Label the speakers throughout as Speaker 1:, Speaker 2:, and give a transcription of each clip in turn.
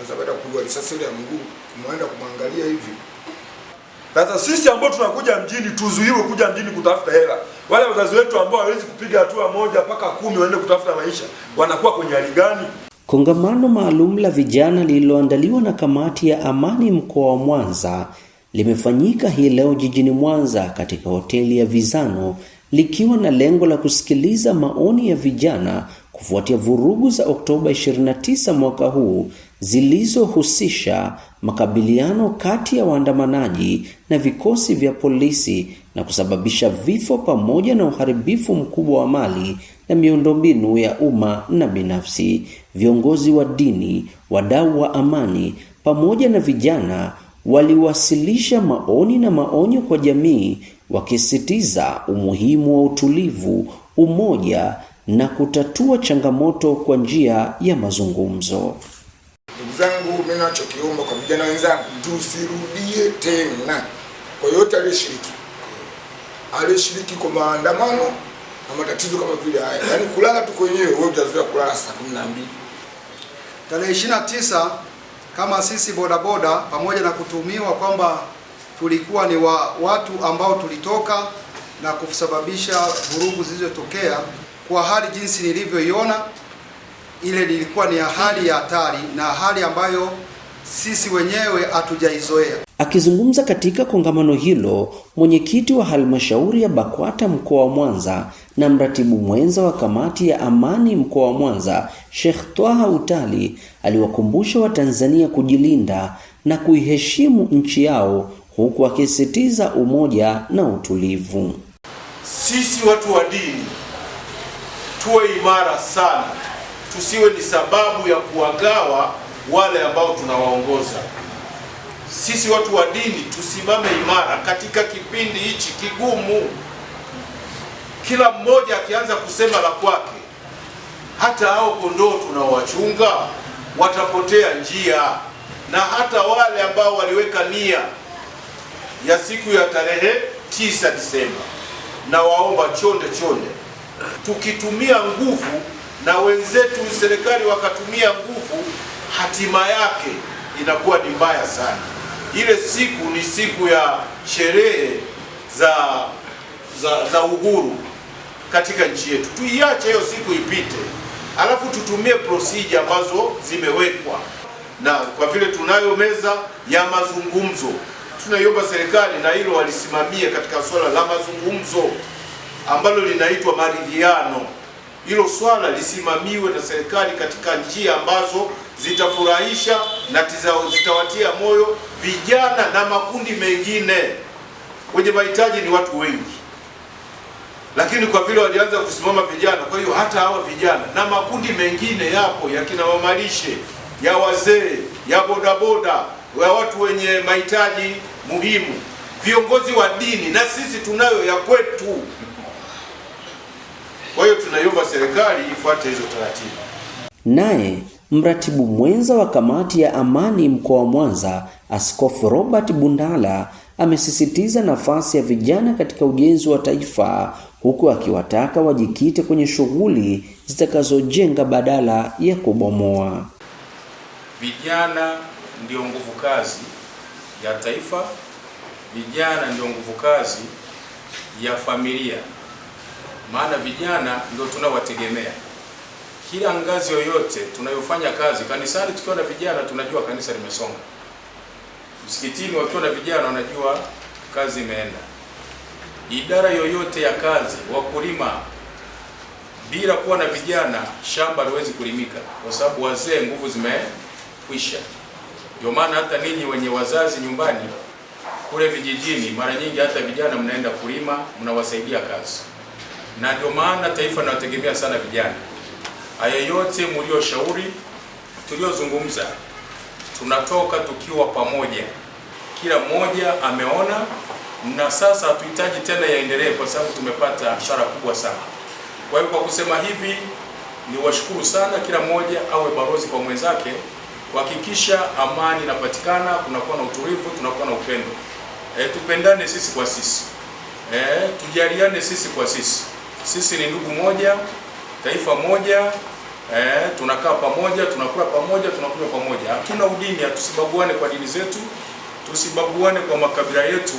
Speaker 1: Sasa baada kupigwa risasi ile ya mguu, umeenda kumwangalia hivi. Sasa sisi ambao tunakuja mjini tuzuiwe kuja mjini kutafuta hela. Wale wazazi wetu ambao hawezi kupiga hatua moja mpaka kumi waende kutafuta maisha, wanakuwa kwenye hali gani?
Speaker 2: Kongamano maalum la vijana lililoandaliwa na kamati ya amani mkoa wa Mwanza limefanyika hii leo jijini Mwanza katika hoteli ya Vizano likiwa na lengo la kusikiliza maoni ya vijana kufuatia vurugu za Oktoba 29 mwaka huu zilizohusisha makabiliano kati ya waandamanaji na vikosi vya polisi na kusababisha vifo pamoja na uharibifu mkubwa wa mali na miundombinu ya umma na binafsi. Viongozi wa dini, wadau wa amani pamoja na vijana waliwasilisha maoni na maonyo kwa jamii wakisisitiza umuhimu wa utulivu, umoja na kutatua changamoto kwa njia ya mazungumzo
Speaker 1: zangu, mimi nachokiomba kwa vijana wenzangu, tusirudie tena. Kwa yote aliyeshiriki, aliyeshiriki kwa maandamano na matatizo kama vile haya, yaani kulala tu kwenyewe, wewe utazoea kulala saa 12.
Speaker 3: Tarehe 29 kama sisi bodaboda, pamoja na kutumiwa kwamba tulikuwa ni wa watu ambao tulitoka na kusababisha vurugu zilizotokea, kwa hali jinsi nilivyoiona ile lilikuwa ni hali ya hatari na hali ambayo sisi wenyewe hatujaizoea.
Speaker 2: Akizungumza katika kongamano hilo, mwenyekiti wa halmashauri ya BAKWATA mkoa wa Mwanza na mratibu mwenza wa kamati ya amani mkoa wa Mwanza, Sheikh Twaha Utali aliwakumbusha Watanzania kujilinda na kuiheshimu nchi yao huku akisisitiza umoja na utulivu.
Speaker 1: Sisi watu wa dini tuwe imara sana tusiwe ni sababu ya kuwagawa wale ambao tunawaongoza. Sisi watu wa dini tusimame imara katika kipindi hichi kigumu. Kila mmoja akianza kusema la kwake, hata hao kondoo tunaowachunga watapotea njia, na hata wale ambao waliweka nia ya siku ya tarehe tisa Disemba, na waomba chonde chonde, tukitumia nguvu na wenzetu serikali wakatumia nguvu, hatima yake inakuwa ni mbaya sana. Ile siku ni siku ya sherehe za, za, za uhuru katika nchi yetu. Tuiache hiyo siku ipite, alafu tutumie procedure ambazo zimewekwa, na kwa vile tunayo meza ya mazungumzo, tunaiomba serikali na hilo walisimamie katika swala la mazungumzo ambalo linaitwa maridhiano hilo swala lisimamiwe na serikali katika njia ambazo zitafurahisha na zitawatia moyo vijana na makundi mengine. Wenye mahitaji ni watu wengi, lakini kwa vile walianza kusimama vijana, kwa hiyo hata hawa vijana na makundi mengine yapo ya kina mama ya wazee, ya bodaboda, ya watu wenye mahitaji muhimu, viongozi wa dini na sisi tunayo ya kwetu. Kwa hiyo tunaiomba serikali ifuate hizo taratibu.
Speaker 2: Naye mratibu mwenza wa kamati ya amani mkoa wa Mwanza, Askofu Robert Bundala amesisitiza nafasi ya vijana katika ujenzi wa taifa huku akiwataka wajikite kwenye shughuli zitakazojenga badala ya kubomoa.
Speaker 4: Vijana ndio nguvu kazi ya taifa, vijana ndio nguvu kazi ya familia maana vijana ndio tunawategemea kila ngazi yoyote tunayofanya kazi. Kanisani tukiwa na vijana tunajua kanisa limesonga, msikitini wakiwa na vijana wanajua kazi imeenda. Idara yoyote ya kazi, wakulima, bila kuwa na vijana shamba haliwezi kulimika, kwa sababu wazee nguvu zimekwisha. Ndio maana hata ninyi wenye wazazi nyumbani kule vijijini, mara nyingi hata vijana mnaenda kulima, mnawasaidia kazi na ndio maana taifa linawategemea sana vijana. Haya yote mlioshauri, tuliozungumza, tunatoka tukiwa pamoja, kila mmoja ameona, na sasa hatuhitaji tena yaendelee, kwa sababu tumepata hasara kubwa sana. Kwa hiyo kwa kusema hivi, ni washukuru sana, kila mmoja awe barozi kwa mwenzake, kuhakikisha amani inapatikana, kunakuwa na utulivu, tunakuwa na upendo. E, tupendane sisi kwa sisi, e, tujaliane sisi kwa sisi sisi ni ndugu moja, taifa moja eh, tunakaa pamoja, tunakula pamoja, tunakunywa pamoja. Hatuna udini, hatusibaguane kwa dini zetu, tusibaguane kwa makabila yetu,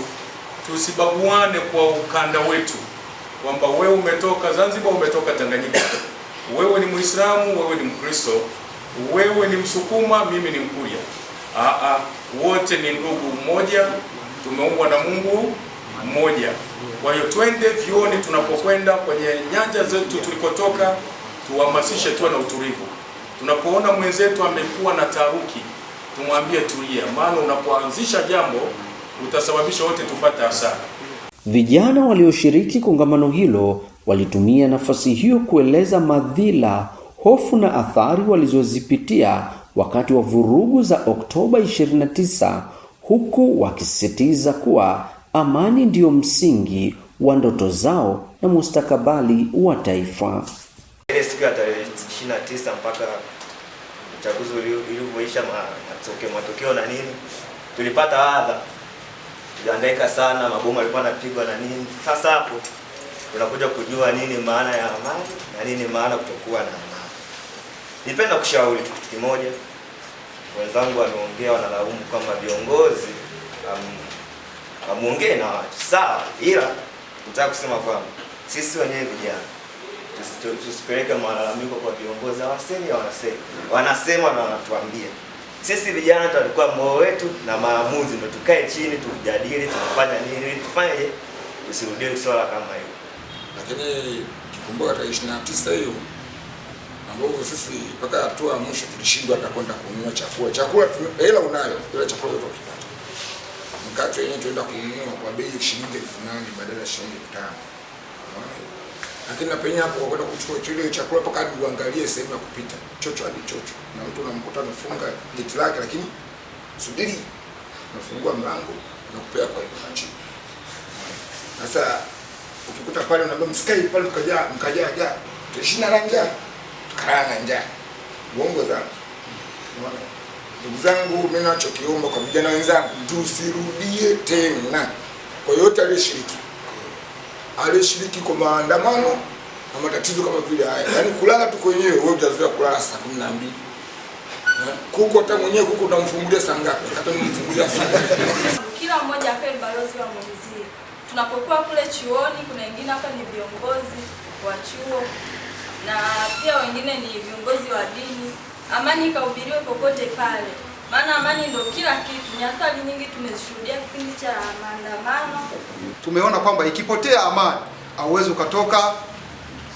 Speaker 4: tusibaguane kwa ukanda wetu, kwamba wewe umetoka Zanzibar, umetoka Tanganyika, wewe ni Muislamu, wewe ni Mkristo, wewe ni Msukuma, mimi ni Mkuria. Aa, ah, ah, wote ni ndugu mmoja, tumeumbwa na Mungu mmoja. Kwa hiyo twende vyuoni tunapokwenda kwenye nyanja zetu tulikotoka, tuhamasishe tuwe na utulivu. Tunapoona mwenzetu amekuwa na taharuki, tumwambie tulia, maana unapoanzisha jambo utasababisha wote tupate hasara.
Speaker 2: Vijana walioshiriki kongamano hilo walitumia nafasi hiyo kueleza madhila, hofu na athari walizozipitia wakati wa vurugu za Oktoba 29 huku wakisisitiza kuwa Amani ndiyo msingi wa ndoto zao na mustakabali wa taifa.
Speaker 4: Ile siku ya tarehe 29 mpaka uchaguzi ulivyoisha, matokeo matokeo na nini, tulipata adha, tuliandaika sana, mabomu yalikuwa yanapigwa na nini. Sasa hapo unakuja kujua nini maana ya amani na nini maana kutokuwa na amani. Nipenda kushauri kitu kimoja, wenzangu wameongea, wanalaumu kwamba viongozi na muongee na watu sawa, ila nataka kusema kwamba sisi wenyewe vijana tusipeleke malalamiko kwa viongozi, hawasemi wanasema, wanasema na wanatuambia sisi vijana tutakuwa moyo wetu na maamuzi, ndio tukae chini tujadili, tunafanya nini, tufanye, tusirudie swala kama hiyo.
Speaker 1: Lakini kikumbuka tarehe ishirini na tisa hiyo ambapo sisi mpaka hatua ya mwisho tulishindwa hata kwenda kununua chakula. Chakula hela unayo, ila chakula tunakipata mkate wenyewe tunaenda kununua kwa bei ya shilingi elfu nane badala ya shilingi elfu tano lakini na penye hapo kwenda kuchukua chile chakula mpaka hadi uangalie sehemu ya kupita chocho hadi chocho, na mtu unamkuta amefunga geti lake, lakini subiri, nafungua mlango na kupea kwa hiyo chini. Sasa ukikuta pale unaambia msikai pale, tukaja mkaja ja tushina na njaa tukalala na njaa, uongo sana, unaona Ndugu zangu, mimi nachokiomba kwa vijana wenzangu, tusirudie tena. Kwa yote aliyeshiriki, aliyeshiriki kwa maandamano na matatizo kama vile haya, yaani kulala tu kwenyewe, wewe utazoea kulala saa kumi na mbili eh? kuku hata mwenyewe kuku unamfungulia saa ngapi? Hata unamfungulia saa
Speaker 5: Kila mmoja ape balozi wa mwenzie. Tunapokuwa kule chuoni, kuna wengine hapa ni viongozi wa chuo na pia wengine ni viongozi wa dini amani ikahubiriwe popote pale, maana amani ndio kila kitu. Nyakati nyingi tumezishuhudia kipindi cha maandamano,
Speaker 6: tumeona kwamba ikipotea amani auwezi ukatoka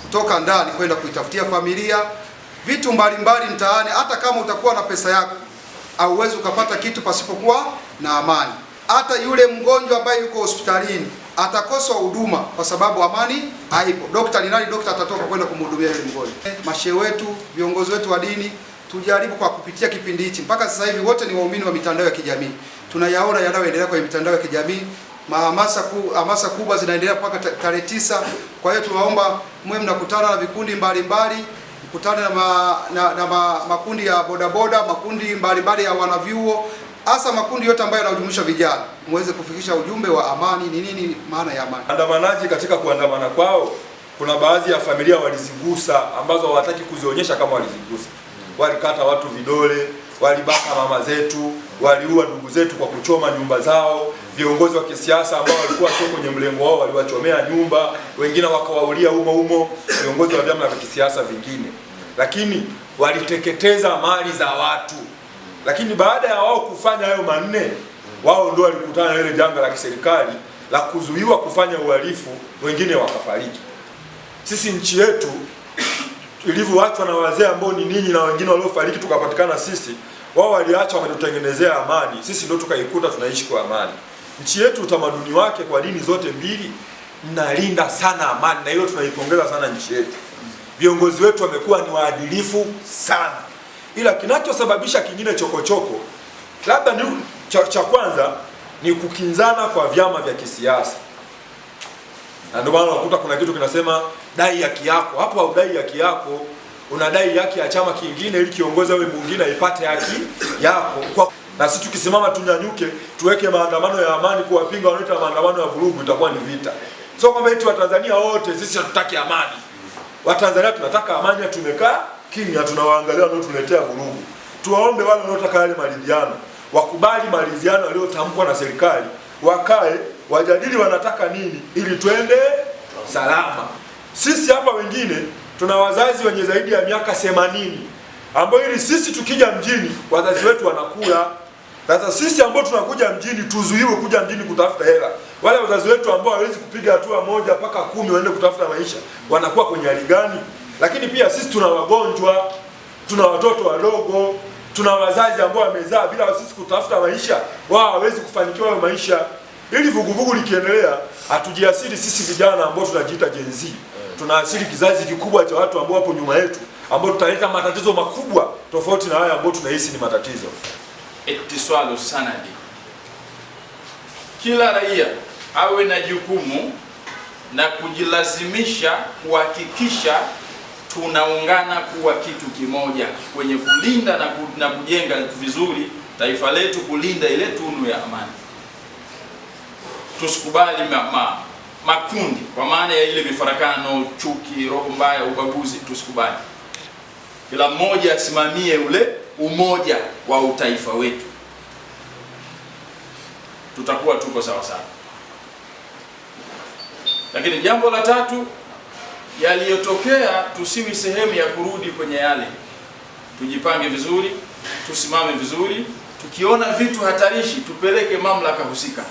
Speaker 6: kutoka ndani kwenda kuitafutia familia vitu mbalimbali mtaani. Hata kama utakuwa na pesa yako hauwezi ukapata kitu pasipokuwa na amani. Hata yule mgonjwa ambaye yuko hospitalini atakosa huduma kwa sababu amani haipo. Daktari nani? Daktari atatoka kwenda kumhudumia yule mgonjwa. Mashehe wetu, viongozi wetu wa dini tujaribu kwa kupitia kipindi hichi. Mpaka sasa hivi wote ni waumini wa mitandao ya kijamii, tunayaona yanayoendelea kwenye mitandao ya kijamii mahamasa ku, hamasa kubwa zinaendelea mpaka tarehe tisa. Kwa hiyo tunaomba mwe mnakutana na vikundi mbalimbali, mkutane na, ma, na, na ma, makundi ya bodaboda, makundi mbalimbali ya wanavyuo, hasa makundi yote ambayo yanajumuisha vijana, muweze kufikisha ujumbe wa amani. Ni nini maana ya amani?
Speaker 7: Andamanaji katika kuandamana kwao, kuna baadhi ya familia walizigusa ambazo hawataki kuzionyesha kama walizigusa walikata watu vidole, walibaka mama zetu, waliua ndugu zetu kwa kuchoma nyumba zao. Viongozi wa kisiasa ambao walikuwa sio kwenye mlengo wao waliwachomea nyumba, wengine wakawaulia umo humo viongozi wa vyama vya kisiasa vingine, lakini waliteketeza mali za watu. Lakini baada ya wao kufanya hayo manne, wao ndio walikutana na ile janga la kiserikali la kuzuiwa kufanya uhalifu, wengine wakafariki. Sisi nchi yetu ilivyoachwa na wazee ambao ni ninyi na wengine waliofariki tukapatikana sisi, wao waliacha wametutengenezea amani, sisi ndio tukaikuta tunaishi kwa amani. Nchi yetu utamaduni wake kwa dini zote mbili nalinda sana amani, na hilo tunaipongeza sana nchi yetu. Viongozi wetu wamekuwa ni waadilifu sana, ila kinachosababisha kingine chokochoko labda ni cha, cha kwanza ni kukinzana kwa vyama vya kisiasa na ndio maana unakuta kuna kitu kinasema dai haki yako. Hapo haudai haki yako, unadai haki ya chama kingine, ili kiongoza wewe mwingine aipate haki yako kwa na sisi tukisimama tunyanyuke, tuweke maandamano ya amani kuwapinga wanaita maandamano ya vurugu, itakuwa ni vita. Sio kwamba eti Watanzania wote sisi hatutaki amani. Watanzania tunataka amani, tumekaa kimya, tunawaangalia wanaotuletea vurugu. Tuwaombe wale wanaotaka yale maridhiano wakubali maridhiano yaliyotamkwa na serikali, wakae wajadili wanataka nini ili twende salama. Sisi hapa wengine tuna wazazi wenye zaidi ya miaka themanini ambao ili sisi tukija mjini wazazi wetu wanakula. Sasa sisi ambao tunakuja mjini tuzuiwe kuja mjini kutafuta hela. Wale wazazi wetu ambao hawezi kupiga hatua moja mpaka kumi waende kutafuta maisha wanakuwa kwenye hali gani? Lakini pia sisi tuna wagonjwa, tuna watoto wadogo, tuna wazazi ambao wamezaa bila sisi kutafuta maisha, wao hawezi kufanikiwa hayo maisha. Ili vuguvugu likiendelea, hatujiasiri sisi vijana ambao tunajiita Gen Z, tunaasiri kizazi kikubwa cha watu ambao wapo nyuma yetu, ambao tutaleta matatizo makubwa tofauti na haya ambao tunahisi ni matatizo.
Speaker 4: Ittiswalu sanadi, kila raia awe na jukumu na kujilazimisha kuhakikisha tunaungana kuwa kitu kimoja kwenye kulinda na kujenga vizuri taifa letu, kulinda ile tunu ya amani tusikubali ma, ma, makundi kwa maana ya ile mifarakano, chuki, roho mbaya, ubaguzi, tusikubali. Kila mmoja asimamie ule umoja wa utaifa wetu, tutakuwa tuko sawa sawa. Lakini jambo la tatu, yaliyotokea tusiwi sehemu ya kurudi kwenye yale. Tujipange vizuri, tusimame vizuri, tukiona vitu hatarishi tupeleke mamlaka husika.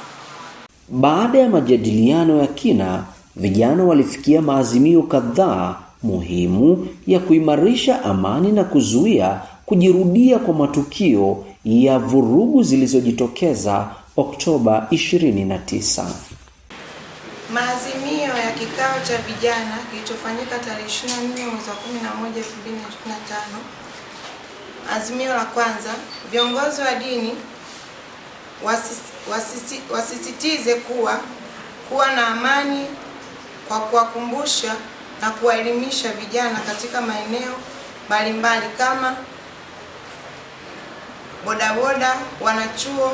Speaker 2: Baada ya majadiliano ya kina, vijana walifikia maazimio kadhaa muhimu ya kuimarisha amani na kuzuia kujirudia kwa matukio ya vurugu zilizojitokeza Oktoba 29.
Speaker 5: Maazimio ya kikao cha vijana kilichofanyika tarehe 24 mwezi wa 11 2025. Azimio la kwanza, viongozi wa dini wasisi, wasisi, wasisitize kuwa kuwa na amani kwa kuwakumbusha na kuwaelimisha vijana katika maeneo mbalimbali kama bodaboda, wanachuo,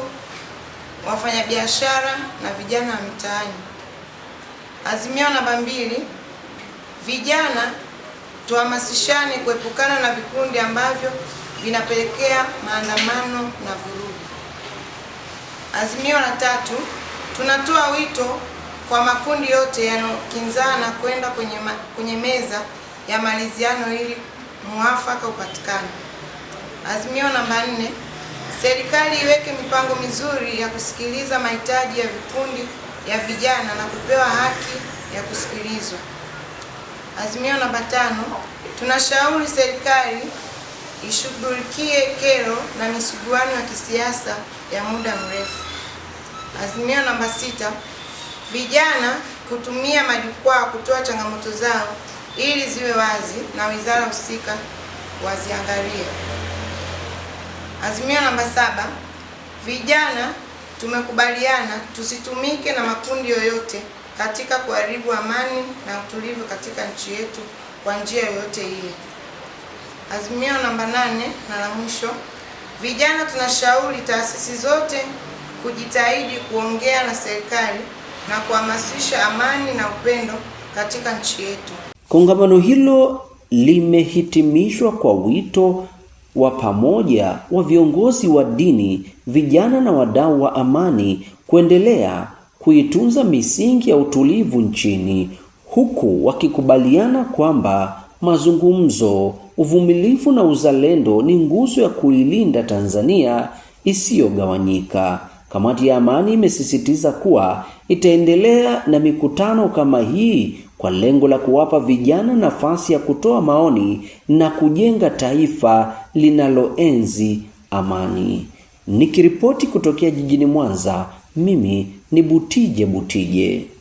Speaker 5: wafanyabiashara na vijana wa mitaani. Azimio namba mbili, vijana tuhamasishane kuepukana na vikundi ambavyo vinapelekea maandamano na vurugu. Azimio la tatu, tunatoa wito kwa makundi yote yanayokinzana kwenda kwenye, ma, kwenye meza ya maliziano ili muafaka upatikane. Azimio namba nne, serikali iweke mipango mizuri ya kusikiliza mahitaji ya vikundi ya vijana na kupewa haki ya kusikilizwa. Azimio namba tano, tunashauri serikali ishughulikie kero na misuguano ya kisiasa ya muda mrefu. Azimio namba sita, vijana kutumia majukwaa kutoa changamoto zao ili ziwe wazi na wizara husika waziangalie. Azimio namba saba, vijana tumekubaliana tusitumike na makundi yoyote katika kuharibu amani na utulivu katika nchi yetu kwa njia yoyote ile. Azimio namba nane na la mwisho, vijana tunashauri taasisi zote kujitahidi kuongea na serikali na kuhamasisha amani na upendo katika nchi yetu.
Speaker 2: Kongamano hilo limehitimishwa kwa wito wa pamoja wa viongozi wa dini, vijana na wadau wa amani kuendelea kuitunza misingi ya utulivu nchini, huku wakikubaliana kwamba mazungumzo, uvumilivu na uzalendo ni nguzo ya kuilinda Tanzania isiyogawanyika. Kamati ya Amani imesisitiza kuwa itaendelea na mikutano kama hii kwa lengo la kuwapa vijana nafasi ya kutoa maoni na kujenga taifa linaloenzi amani. Nikiripoti kutokea jijini Mwanza, mimi ni Butije Butije.